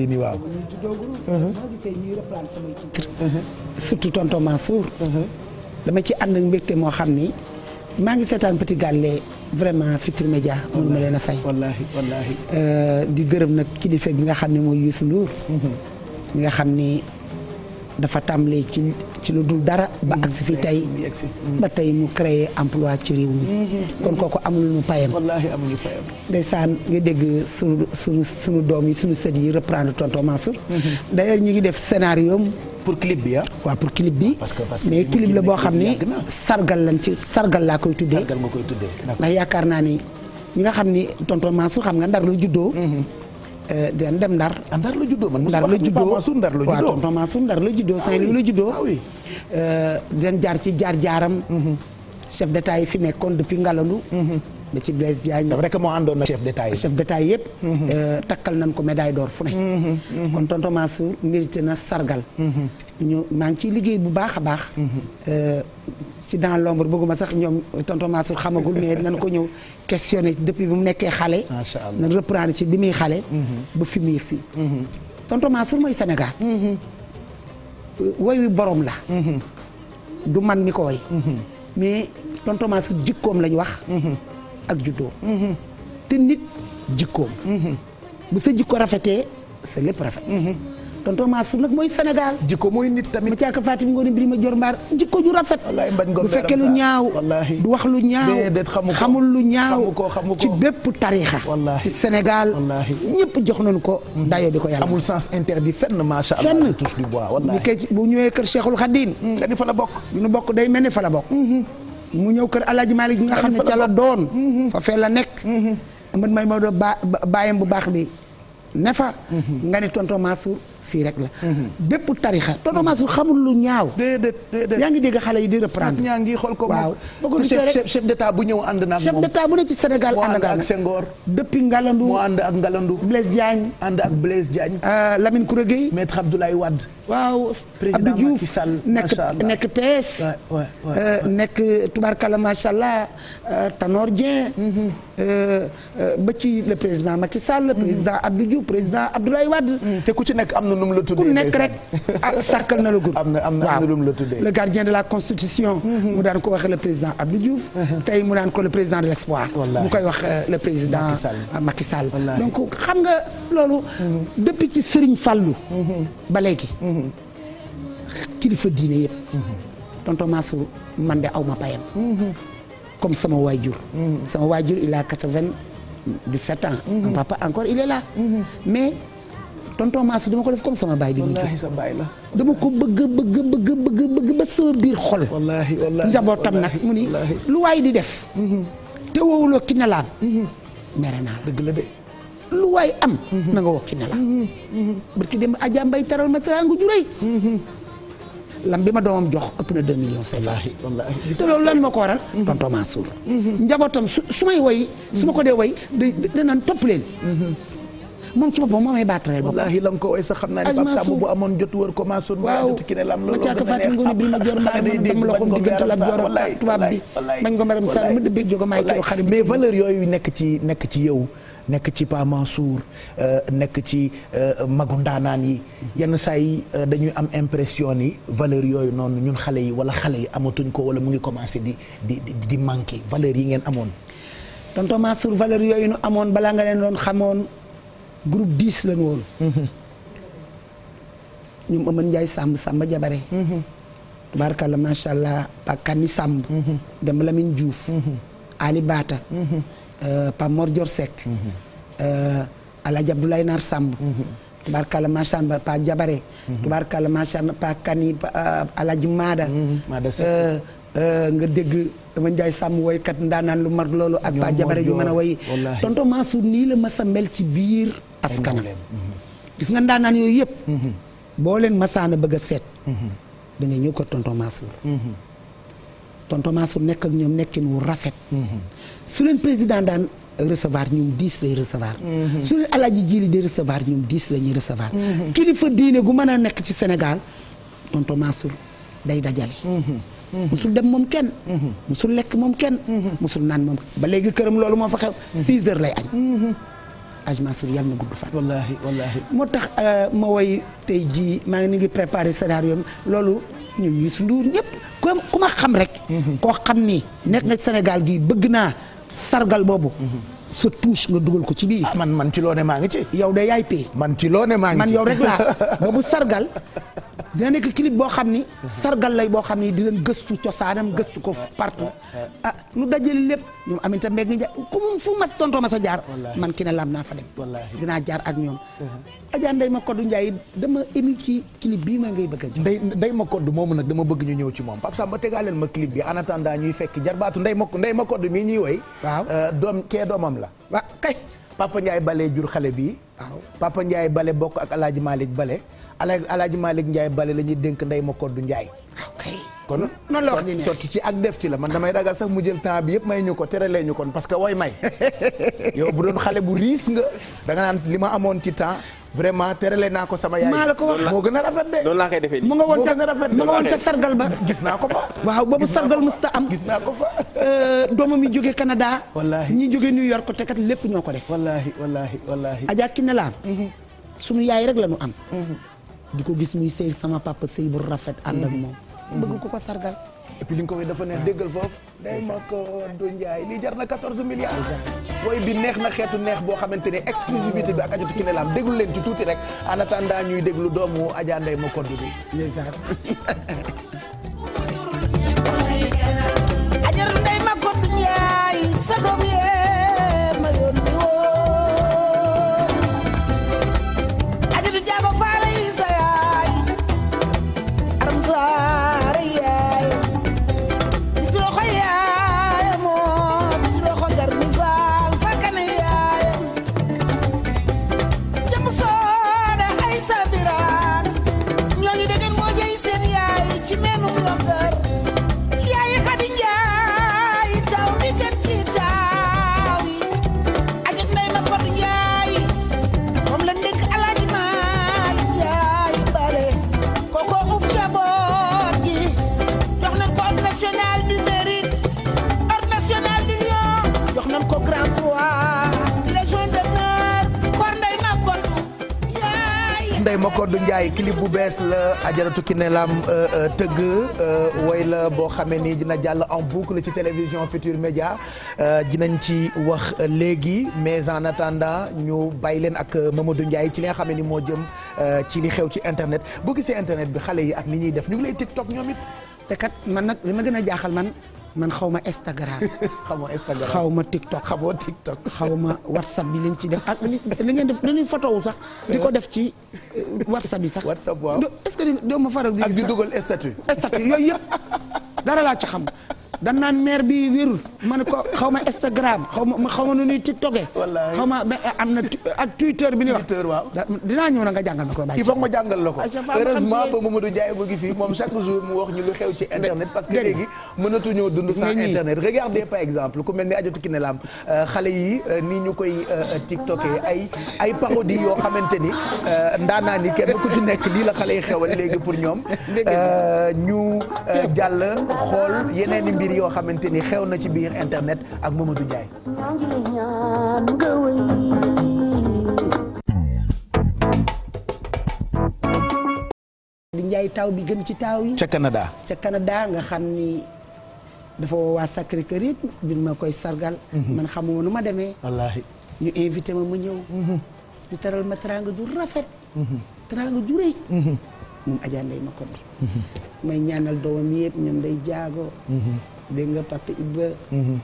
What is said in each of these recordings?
ni waaw uh-huh. surtout tonton Mansour uh-huh. dama ci ànd ak mbégte moo xam ni maa ngi seetaan Petit Galle vraiment Futurs Médias mun ma leen a fay uh, di gërëm nag kilifa gi nga xam ni mooy Youssou Ndour uh-huh. mi nga xam ni dafa tàmbalee ci ci lu dul dara. ba mm. ak fi tey ba tey mu créer emploi ci réew mi. Mm-hmm. kon kooku amul mu payam. wallaahi amuñu payam. ndeysaan nga dégg sunu sunu sunu doom yi sunu set yi reprendre tonton Mansour. Mm-hmm. d'ailleurs ñu ngi def scénario pour clip bi ah. waaw bi. parce que parce que mais clip la boo xam ne sargal lan ci sargal laa koy tuddee. sargal nga koy tuddee. ndax yaakaar naa ni ñi nga xam ni tonton Mansour xam nga ndar la juddoo. Mm-hmm. Euh, dinañ dem Ndar. Ah, Ndar la juddoo man Ndar la juddoo Ndar la juddoo waaw ah tonton Mansour Ndar la juddoo saint ah la juddoo. Euh, dinañ jaar ci jaar jaaram. Mhm. chef d'état yi fi nekkoon depuis Ngalandou. Mhm. ba ci Blaise Diagne. c'est vrai que moo àndoon na chef d'état yi. chef d'état yi yëpp. Euh, takkal nañ ko médaille d'or fu ne. kon tonton Mansour mérité na sargal. ñu maa ngi ciy liggéey bu baax a baax. ci euh, dans l'ombre bëgguma sax ñoom tonton Mansour xamagul mais nan ko ñëw questionné depuis bi mu nekkee xale. macha allah nan reprendre ci bi muy xale. Mhm. ba fi muy fii. Mhm. tonton Mansour mooy Sénégal. Mhm. Euh, woy wi borom la. du man mi ko woy mais tonton Mansour jikkoom wax. ak juddoo te nit jikkoom bu sa jikko rafetee sa lépp rafet tonton Mansour nag mooy Sénégal jikko mooy nit tamit ma caaka i Ngoone Birima Joor Mbaar jikko ju rafet bu fekkee lu ñaaw du wax lu ñaaw xamul lu ñaaw ci bépp tariixa ci Sénégal ñëpp jox nañu ko mhm. dayo di ko yàlla amul sens interdit fenn macha allah fenn touche du bois wallaahi bu ñëwee kër seexul Khadim nga ni fa la bokk ñu bokk day mel ni fa la bokk mhm. mu ñëw kër Alaaji Malick bi nga xam ne ca la doon fa fee la nekk mm-hmm. man may Maodo ba baayam bu baax bi ne fa mm-hmm. nga ni tonton Mansour fii rek la. Mhm. bépp tarixa tonomasu xamul lu ñaaw. déedéet déedéet yaa ngi dégg xale yi di reprendre. ñaa ngi xool ko waaw. te chef chef d'état bu ñëw ànd na moom chef d'état bu ne ci Sénégal ànd nga ak Senghor. depuis Ngalandu moo ànd ak Ngalandu. Blaise Diagne ànd ak Blaise Diagne. Ah, Lamine Koura Gueye. maître Abdoulaye Wade. waaw président Macky Sall. macha allah nekk euh, nekk PS. nekk tubaarkalla macha allah. Euh, Tanor Dieng. Mhm. Euh, euh, ba ci le président Macky Sall. le mhm. président Abdou Diouf président Abdoulaye Wade. Mhm. te ku ci nekk am na nu mu la tuddee. ku nekk ah, na la groupe. am na am na nu mu la tuddee le gardien de la constitution. mu daan ko wax le président Abdou tey mu daan ko le président de l' espoir. mu koy wax le président Macky Sall. donc xam nga loolu. depuis ci Serigne Fallou. ba léegi. kilifa diine yëpp. tonton man de aw payam. comme sama waajur. sama waajur il a quatre-vingt-dix-sept ans. am mhm. papa encore il est là. Mhm. mais tonton Massou dama ko def comme sama baay bi. wallaahi sa baay la. dama ko bëgg bëgg bëgg bëgg bëgg ba sama biir xol. wallaahi wallaahi njabootam nag mu ni lu waay di def. Mhm. te wowuloo ki ne laam. mere naa la dëgg la de. lu waay am. na nga woo ki ne laam. barki dem Adja Mbaye taral ma teraangu ju rëy lam bi ma doomam jox ëpp na 2 millions 500. te loolu lan moo ko waral. tonton Mansour. Mhm. njabootam su may woy. su ma ko dee woy di dinañ topp leen. Mhm. moom ci boppam a may baatareel boppam. la ko woy xam ne Pape Samb bu amoon jot wër ko Mansour. waaw ma caaka fàttali nga ne bii ma jor maa ma la jor tubaab bi. wallaahi wallaahi wallaahi. mais valeur yooyu nekk ci nekk ci yow. nekk ci Pa Mansour euh, nekk ci euh, magu ndaanaan yi yenn saa yi euh, dañuy am impression yi valeur yooyu noonu ñun xale yi wala xale yi amatuñ ko wala mu ngi commencé di di di manqué valeur yi ngeen amoon tonton Mansour valeur yooyu nu amoon balaa nga leen doon xamoon groupe 10 lañu woon mhm. ñoom Amane Ndiaye Samb Samba Jabare tabaarkalla mhm. macha allah Pakani Samb mhm. Demba Lamine Diouf Ali Bata Euh, Pape Mor Dior Seck. Mm-hmm. Euh, Alaaji Abdoulaye Nar Samb. Mm-hmm. tubaarkalla macha allah Pa Jabare. Mm-hmm. tubaarkalla macha allah Kani euh, Alaaji Maada. Maada nga dégg dama njaay sàmm woykat ndaanaan lu mag loolu ak Pa Jabare ju mën a woy tonton nii la mas mel ci biir askanam gis nga ndaanaan yooyu yëpp boo leen masaana bëgg a seet da ñëw ko tonton tonton Mansour nekk ak ñoom nekkin wu rafet. su leen président daan recevoir ñoom diis lay recevoir. Mhm. su leen alaaji jiili di recevoir ñoom diis la ñuy recevoir. Mhm. kilifa diine gu mën a nekk ci Sénégal tonton Mansour day dajale. Mhm. musul dem moom kenn. musul lekk moom kenn. musul naan moom ba léegi këram loolu moo fa xew. 6 heures lay añ. Aj Mansour yàlla na gudd fan. moo tax euh, ma woy tey jii maa ngi ngi préparé scénario loolu. ñoom Youssou Ndour ñëpp ku ku ma xam rek. Mhm. koo xam ni nekk nga Sénégal gi bëgg naa sargal boobu. Mhm. sa touche nga dugal ko ci bii ah, man man ci loo ne maa ngi ci. yow de yaay pay. man ci loo ne maa ngi ci man yow rek laa boobu sargal dina nekk clip boo xam ni. sargal lay boo xam ni dinañ gëstu cosaanam gëstu ko partout. ah nu dajale lépp ñoom Aminata Mbengue ngi ja ku mu fu sa jaar. man ki ne lam naa fa dem. dinaa jaar ak ñoom. Uh-huh. Adja Ndeye Makodou Ndiaye dama ému ci clip bii ma ngay bëgg a. Ndeye Ndeye Makodou moomu nag dama bëgg ñu ñëw ci moom Pape Samba tegaaleel ma clip bi en attendant ñuy fekk jarbaatu Ndeye Makodou Ndeye Makodou mii ñuy woy. waaw euh, doom kee doomam la. waaw kay. Papa Ndiaye Bale jur xale bii. waaw Papa Ndiaye Bale bokk ak El Hadj Malick Bale Alaaji Malick Ndiaye bale la ñuy dénk ndey ma koddu Ndiaye kon noonu la wax ni sotti ci ak la man damay ragal sax mu jël temps bi yëpp may ñu ko teralee ñu kon parce que wooy bu doon xale bu riis nga nga naan li ma amoon ci temps vraiment terale naa ko sama maa la ko wax moo gën a de. noonu laa woon ca mu nga woon ca sargal gis naa ko fa. waaw boobu sargal musta am gis naa ko fa. Euh, doomam yi jóge Canada. wallaahi ñi jóge New York te lépp ñoo ko def. wallaahi wallaahi wallaahi. Adja Kiné Lam. Mhm. sunu yaay rek la ñu am. Mhm. di ko gis muy sëy sama papa sëy bu rafet ànd ak mm-hmm. moom bëgg ko ko sargal et li nga ko dafa neex déggal foofu day ma ko njaay lii jar na 14 milliards wooy bi neex na xeetu neex boo xamante ne exclusivité bi ak ajatu ki ne laam déglu leen ci tuuti rek en attendant ñuy déglu doomu Adja Ndeye ma koddu ma koddu njaay sa doom Abdou Ndiaye clip bu bees la ajaratu ki ne lam euh, euh, tëgg euh, woy la boo xamee ni dina jàll en boucle ci télévision Futur Média dinañ ci wax léegi mais en attendant ñu bàyyi leen ak du Ndiaye ci li nga xamee ni moo jëm ci li xew ci internet boo gisee internet bi xale yi ak li ñuy def ñu ngi lay TikTok te kat man nag li ma gën a jaaxal man man xaw ma Instagram. xamoo Instagram xaw ma TikTok. xamoo TikTok xaw ma WhatsApp bi lañ ci def ak li ngeen def li ñuy photo wu sax. li ko def ci euh, WhatsApp yi sax. WhatsApp waaw est-ce que doo ma faral di. ak di dugal statut. statut yooyu yëpp dara laa ci xam. dan naan maire bi wérul ma ne ko xaw ma Instagram xaw ma xaw ma nu ñuy tiktokee. wallaahi xaw ma eh, am na ak Twitter bi ñuy wax. Twitter waaw dinaa ñëw na nga jàngal ma ko. il faut ma jàngal la ko ah, heureusement ba Mamadou Ndiaye mu ngi fii moom chaque jour mu wax ñu lu xew ci internet. parce que léegi mënatuñoo dund sans internet. regardez par exemple ku mel ni Adjatou Kiné Lam euh, xale yi euh, nii ñu koy euh, tiktokee ay ay parodie yoo xamante ni ndaanaa ni kenn ku ci nekk lii la xale yi xewal léegi pour ñoom ñu jàll xool yeneen mbir yoo xamante ni xew na ci biir internet ak Mamadou Ndiaye. di Ndiaye taw bi gën ci taaw yi. ca Canada. ca Canada nga xam ni. dafa woo waa Sacré Cœur ma koy sargal. Mhm. man xamoo nu ma demee. wallaahi ñu ma ma ñëw. Mhm. ñu teral ma teraanga ju rafet. Mhm. teraanga ju moom Adja Ndeye ma ko may ñaanal doomam yëpp ñoom day jaago. dégg nga Papa Ibba. Mhm.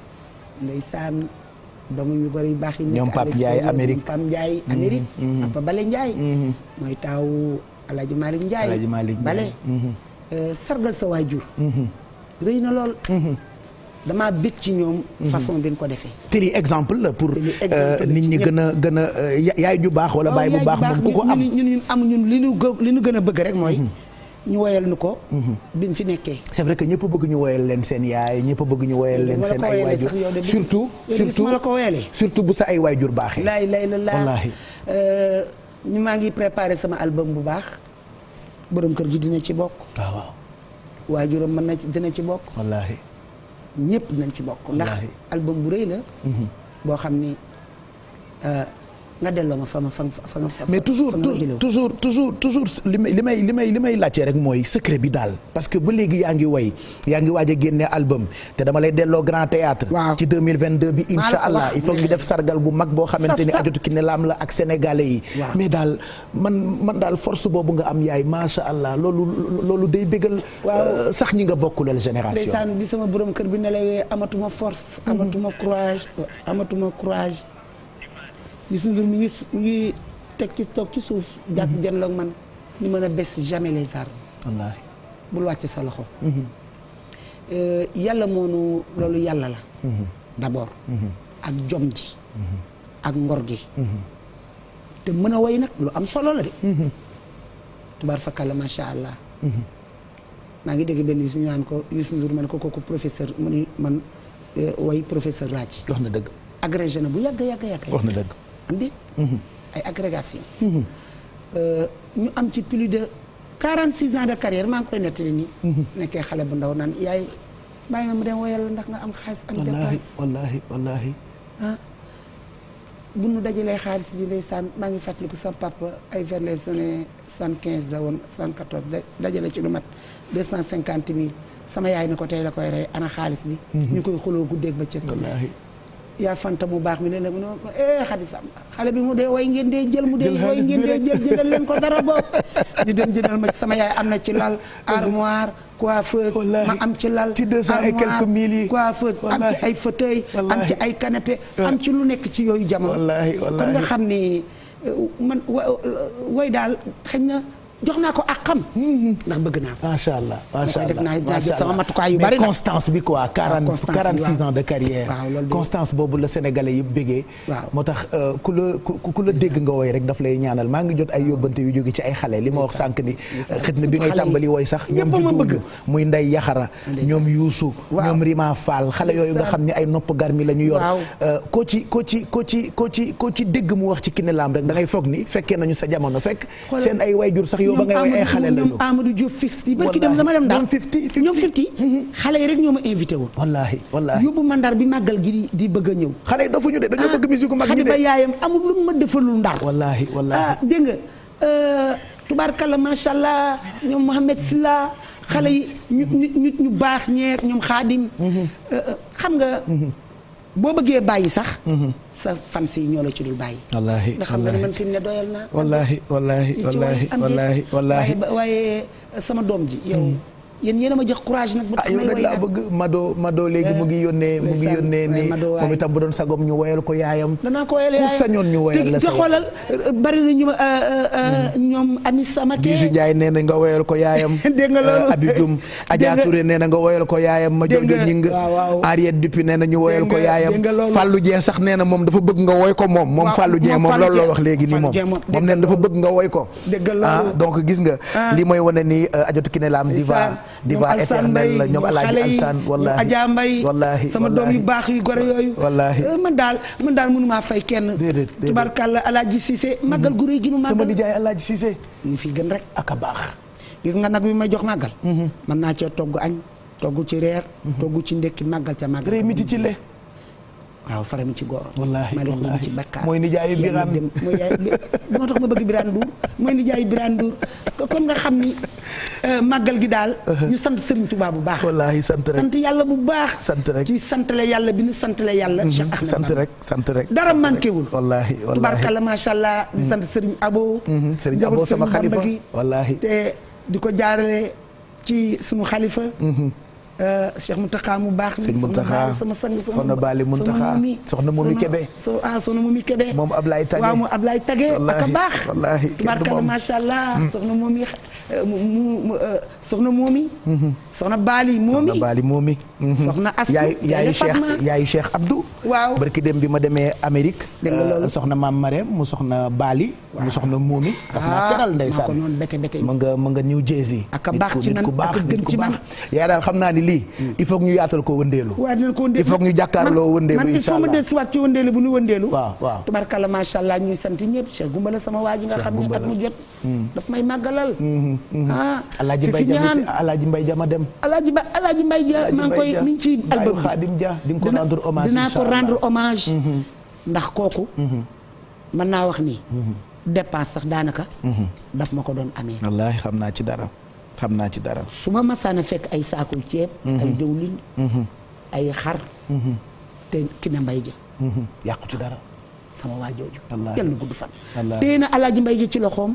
ndeysaan doomu ñu bëri baax yi. ñoom Pape Ndiaye Amérique Pape Ndiaye mhm. Amérique. Mhm. Papa Bale Ndiaye. mooy taawu El Hadj Malick Ndiaye. El Hadj Malick Ndiaye Bale. Euh, sargal sa waajur. rëy na lool. damaa bég ci ñoom. façon bi ñu ko defee. tëri exemple la pour. Euh, nit ñi gën a gën a euh, yaay ju baax wala oh, baay bu baax. moom ku ko am ñun ñun am ñun li ñu li ñu gën a bëgg rek mooy. ñu woyal nu ko. Mhm. bi mu fi nekkee. c'est vrai que ñëpp bëgg ñu woyal leen seen yaay ñëpp bëgg ñu woyal leen seen ay waajur surtout surtout surtout bu sa ay waajur baaxee. laay lay la laa euh, ñu maa ngi préparé sama album bu baax borom kër gi dina ci bokk. waaw waaw. waajuram mën na ci dina ci bokk. wallaahi. ñëpp dinañ ci bokk. ndax album bu rëy la. Mhm. boo xam ni. Euh, nga delloo ma fa ma fa nga mais toujours toujours toujours toujours li may li may li may li may laajte rek mooy secret bi daal parce que ba léegi yaa ngi way yaa ngi waaj a génne album te dama lay delloo grand théâtre ci 2022 bi insha allah il faut ñu def sargal bu mag boo xamante ni ajotu ki ne laam la ak sénégalais yi mais daal man man daal force boobu nga am yaay macha allah loolu loolu day bégal euh, sax ñi nga bokkulal génération ndeysaan bi sama borom kër bi ne nelawee amatuma force mhm. amatuma courage amatuma courage Youssou Ndour mi ngi mi teg ci toog ci suuf. gàtt jën loog man ñu mën a baisse jamais les armes. wallaahi bul wàcc sa loxo. Mhm. Euh, yàlla moonu loolu yàlla la. Mhm. d'abord. Mhm. ak jom ji. ak ngor gi. te mën a woy nag lu am solo la de. tubaar fakkala macha allah. maa ngi dégg benn su ñu naan ko Youssou Ndour man ko kooku professeur mu ni man euh, woy professeur ci wax na dëgg. agrégé na bu yàgg yàgg yàgg. wax na dëgg. andi. ay agrégation euh, ñu am ci plus de 46 ans de carrière maa ngi koy nettali nii. nekkee xale bu ndaw naan yaay bàyyi ma mu dem woyal la ndax nga am xaalis. am dépense wallaahi wallaahi ah bu nu dajalee xaalis bi ndeysaan maa ngi fàttaliku sa papa ay vers les années 75 la woon 74 dajale ci lu mat 250 mille sama yaay ni ko tey la koy rey ana xaalis bi. Mhm. ñu koy xuloo guddeeg ba cëkk. yaa fanta mu baax mi ne ne mu ne ko eh xadi xale bi mu dee way ngeen dee jël mu dee way ngeen dee jël jëlal leen ko dara boobu ñu dem jëndal ma sama yaay am na ci lal armoire coiffeuse ma am ci lal ci deux cent et quelques mille yi coiffeuse am ci ay fauteuil euh. am ci lu nekk ci yooyu jamono kon nga xam ni euh, man way daal xëy na jox naa ko ak xam. Mhm. ndax bëgg naa ko. macha allah mais constance bi quoi. Ah, quarante quarante six ans de carrière constance boobu la sénégalais yëpp bégee. moo tax euh, ku la ku la dégg nga wooy rek daf lay ñaanal maa ngi jot ay yóbbante yu jóge ci ay xale li ma wax sànq ni. Euh, xëy na bi ngay tàmbali wooy sax. ñoom juddu muy nday yaxara ñoom yuusu ñoom Rima Fall xale yooyu nga xam ne ay nopp garmi la ñu yor. Euh, koo ci koo ci ko ci koo ci koo ci dégg mu wax ci Kiné Lam rek da ngay foog ni fekkee nañu sa jamono fekk seen ay wayjur sax yow ba ngay ay xale la ñu ñoom Amadou Diop 50. barki dem dama dem daal ñoom 50. Mm-hmm. xale yi rek ñoo ma invité woon. wallaahi wallaahi yóbbu bi maggal gi di bëgg a ñëw. xale yi dofuñu de dañoo ah, bëgg musique mag ñi de xale ba yaayam amul lu ma defalul ndar. wallaahi wallaahi ah dégg euh, macha allah ñoom Mohamed Silla xale yi ñu ñu ñu baax ñeeg ñoom xaadim. Mm-hmm. Euh, euh, xam nga. Mm-hmm. boo bëggee bàyyi sax. sa fan fii ñoo la ci dul bàyyi. wallaahi nga xam ne man fi mu ne doyal naa. wallaahi sama doom ji yow. Mm. yéen yéen a ma jox courage nag. ba tax ah, may woy nag bëgg léegi mu ngi eh, yónnee mu ngi yónnee ni bu doon sagom ñu woyal ko yaayam. danaa ko woyal yaayam ku sañoon ñu woyal la sa na ñu ma euh, euh, euh, hmm. ñoom Ami Samake. Bijou nee na nga woyal ko yaayam. dégg nga loolu nee na nga woyal ko yaayam. ma jojo ñing Ariette Dupuy nee na ñu woyal ko yaayam. Fallou Dieng sax nee na moom dafa bëgg nga woy ko moom. moom Fallou moom loolu la wax léegi nii moom. moom nee dafa bëgg nga woy ko. Ah, donc gis nga ah. li mooy wane ni ki ne Lam diva diva éternel la ñoom alaaji alsaan wallaahi ajaa mbay wallaahi sama doom yu baax yu gore yooyu wallaahi euh, man daal man daal mënumaa fay kenn tubarkàlla alaaji Cissé mm-hmm. màggal gu réy gi mu màggal sama nijaay alaaji Cissé mu fi gën rek ak a baax gis nga nag bi may jox màggal mm-hmm. mën naa cee togg añ togg ci reer mm-hmm. togg ci ndékki màggal ca màggal waaw faram ci góor. wallaahi wallaahi Malick ci bakkaar. mooy nijaayu Birane dem mooy moo tax ma bëgg Birane Ndour mooy nijaayu Birane Ndour kon nga xam ni euh, màggal gi daal. Uh-huh. ñu sant Serigne Touba bu baax. wallaahi sant rek yàlla bu baax. sant rek ci santale yàlla bi ñu santale yàlla. Mm-hmm. Cheikh Ahmed sant rek sant rek. dara manqué wul. wallaahi wallaahi macha allah. di sant mm-hmm. Serigne Abo. Mm-hmm. Serigne Abo sama xalifa wallaahi te di ko jaarale ci sunu xalifa. Euh, Cheikh Mountakha mu baax. sëñ Mountakha sama sang soxna Bali Mountakha soxna Momi Kébé. ah soxna Momi Kébé. moom Ablaye Tage waaw moom Ablaye Tage. ak a baax wallaahi tubaarkalla macha allah. Hmm. soxna Momi euh, mu euh, soxna Momi. Hmm. soxna Bali Momi soxna Bali Momi. Hmm. soxna Asou yaay yaayu Cheikh yaayu Cheikh Abdou. waaw barki dem bi ma demee Amérique. soxna maam Marème mu soxna Bali. mu soxna Momi. daf naa ah, teral ndeysaan ma nga ma nga New Jersey. ak a baax ci man ak a gën ci man nit ku baax yaa daal xam naa ni lii il faut ñu yaatal ko wëndeelu il faut ñu jàkkaarloo wëndeelu man soo ma del siwaat ci wëndeelu bu ñu wëndeelu waaw waaw tubarkalla macha allah ñuy sant ñëpp Cheikh Gumbala sama waa ji nga xam ne at mu jot hmm. daf may màggalal hmm, hmm, ah alaaji mbay ja maa ngi koy mi ngi ci album xaadim ja di nga ko rendre hommage dinaa ko rendre hommage ndax kooku mën naa wax ni dépense sax daanaka daf ma ko doon amee wallaahi xam naa ci dara xam naa ci dara. su ma masaan a fekk ay saaku ceeb. Mhm. ay diwlin. Mhm. ay xar. Mhm. te ki na mbay ja. yàqu ci dara. sama waa jooju. yàlla na gudd fan. tey na alaaji mbay ja ci loxoom.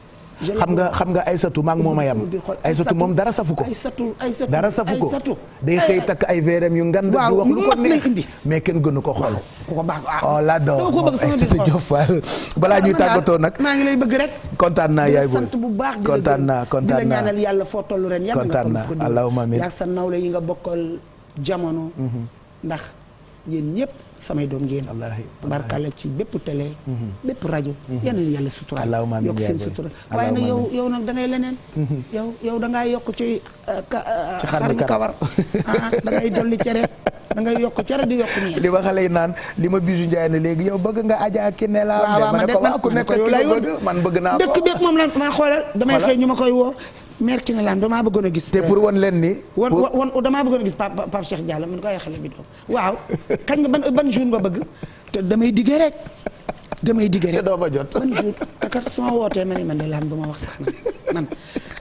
xam nga xam nga Aysatu maa ngi moom a yam Aysatu moom dara safu ko dara safu ko day xëy eh, takk ay veeram yu ngan di wax lu ko neex mais kenn gënu ko xool on l'adore moom Aysatu Diop Fall balaa ñuy tàggatoo nag bëgg rek kontaan naa yaay bu baax kontaan naa kontaan naa ñaanal yàlla foo toll ren kontaan naa allahumma amiin yaa sa nawle yi nga bokkal jamono mhm. ndax yéen ñëpp samay doom ngeen barkala ci bépp télé mhm. bépp rajo mhm. yal yàlla sutura yokk seen sutura waaye nag yow yow nag da ngay leneen mhm. yow yow da ngaa yokk ci uh, uh, xarnu kawar ah, da ngay dolli cere da ngay yokk cere di yokk nii li ma xale yi naan li ma bisu Njaay ne léegi yow bëgg nga aja ki ne laa ma ne ko ku ne ko yow la bëgg man bëgg naa ko dëkk moom la man xoolal damay xëy ma koy woo maire Kinelaan damaa bëggoon a gis. te pour wan leen ni. wan damaa bëggoon a gis Pape Pape Cheikh Diallo man ko ay xale bi doom waaw kañ nga ban ban nga bëgg te damay diggee rek damay diggee rek. te doo ma jot ban jour kat su wootee ma ne man de laan bu ma wax sax man man.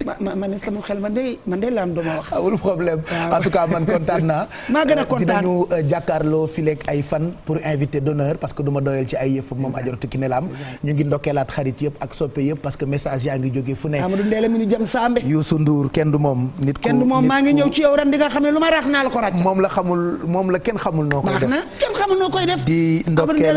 ma ma ma ne sama xel man de man de laam wax. amul problème en tout cas man kontaan naa. maa gën a euh, kontaan dinañu euh, jàkkaarloo fileeg ay fan pour invité d'honneur parce que du ma doyal ci ay yëfu moom Ajaratu Kiné Lam que message yaa ngi jógee fu di nga xam ne lu ma rax naa la ko ràcc. moom la xamul moom la kenn xamul noo koy def. baax na kenn xamul di ndokkeel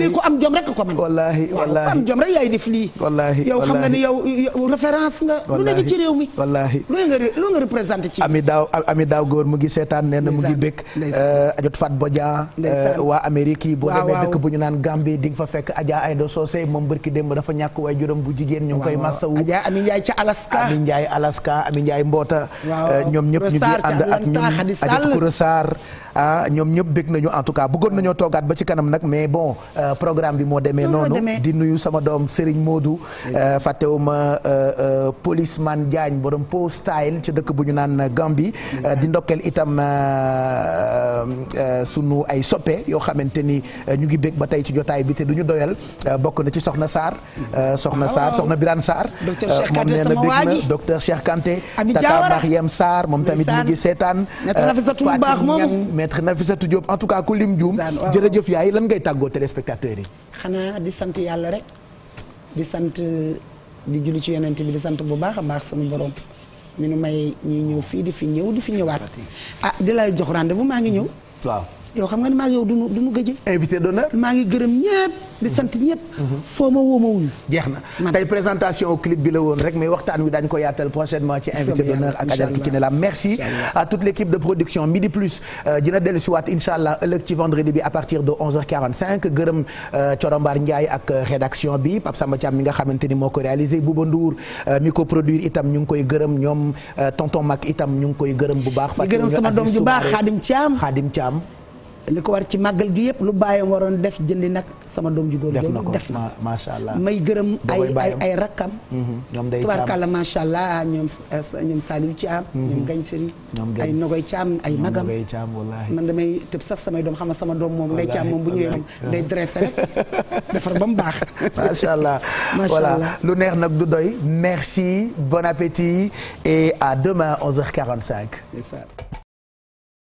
lii ko am jom rek ko mën. wallaahi wallaahi am jom rek yow référence nga. lu nekk ci réew mi. wallaahi loo nga représenté ci. ami daaw ami daaw góor mu ngi seetaan nee na mu ngi bëgg. Euh, ajot Fat Bodia. Euh, waa Amérique yi boo demee dëkk bu ñu naan Gambie di nga fa fekk Adja Ayda Socé moom barki démb dafa ñàkk waay juróom bu jigéen ñu ngi koy massawu. Adja Ami Ndiaye ca Alaska Ami Ndiaye Alaska Ami Ndiaye Mboota. Euh, ñoom ñëpp ñu ngi ànd ak ñun ajot Koura ah ñoom ñëpp bég nañu en tout cas bëggoon nañoo toogaat ba ci kanam nag mais bon euh, programme bi moo demee noonu di nuyu sama doom Serigne Modou euh, fàttewuma euh, policeman Diagne borom po style ci dëkk bu ñu naan Gambie di ndokkeel itam sunu ay soppe yoo xamante ni ñu ngi bég ba tey ci jotaay bi te du ñu doyal bokk na ci soxna Sarr soxna ah, Sarr soxna Birane Sarr moom nee na bég na docteur Cheikh Kanté tata moom tamit ñu ngi seetaan maître Nafissatou Diop en tout cas ku lim juum jërëjëf yaay lan ngay tàggoo téléspectateurs yi xanaa di sant yàlla rek di sant di julli ci yonent bi di sant bu baax a baax sunu borom mi nu may ñuy ñëw fii di fi ñëw di fi ñëwaat ah di lay jox rendez-vous maa ngi ñëw waaw yow xam nga ni maa ngi yow du nu du invité d'honneur maa ngi gërëm ñëpp di sant ñëpp mm-hmm. foo ma woo ma na tey présentation au clip bi la woon rek mais waxtaan wi dañ ko yaatal prochainement ci invité d'honneur ak Adjatou Kiné Lam merci à toute l'équipe de production Midi Plus euh, dina dellu si waat incha allah ëllëg ci vendredi bi à partir de gërëm Corombaar euh, Ndiaye ak euh, rédaction bi Pape Samba mi nga xamante ni moo ko réalisé Bouba Ndour mi ko produire itam ñu ngi koy gërëm ñoom tonton Mac itam ñu ngi koy gërëm bu baax fàttali gërëm sama doom ju baax Khadim Thiam Khadim Thiam li ko war ci màggal gi yëpp lu bàyyam waroon def jëndi nag sama doom ju góor def na ko def na macha allah may gërëm ay ay ay rakkam mm-hmm. tubaarkàlla macha allah ñoom eh, ñoom Saliou Thiam mm-hmm. ñoom gañ sëriñ ay nogoy Thiam ay magam man damay tëb sax samay doom xam nga sama doom moom ngay Thiam moom bu ñëwee moom day dressé rek defar ba mu baax macha allah voilà lu neex nag du doy merci bon appétit et à demain 11h45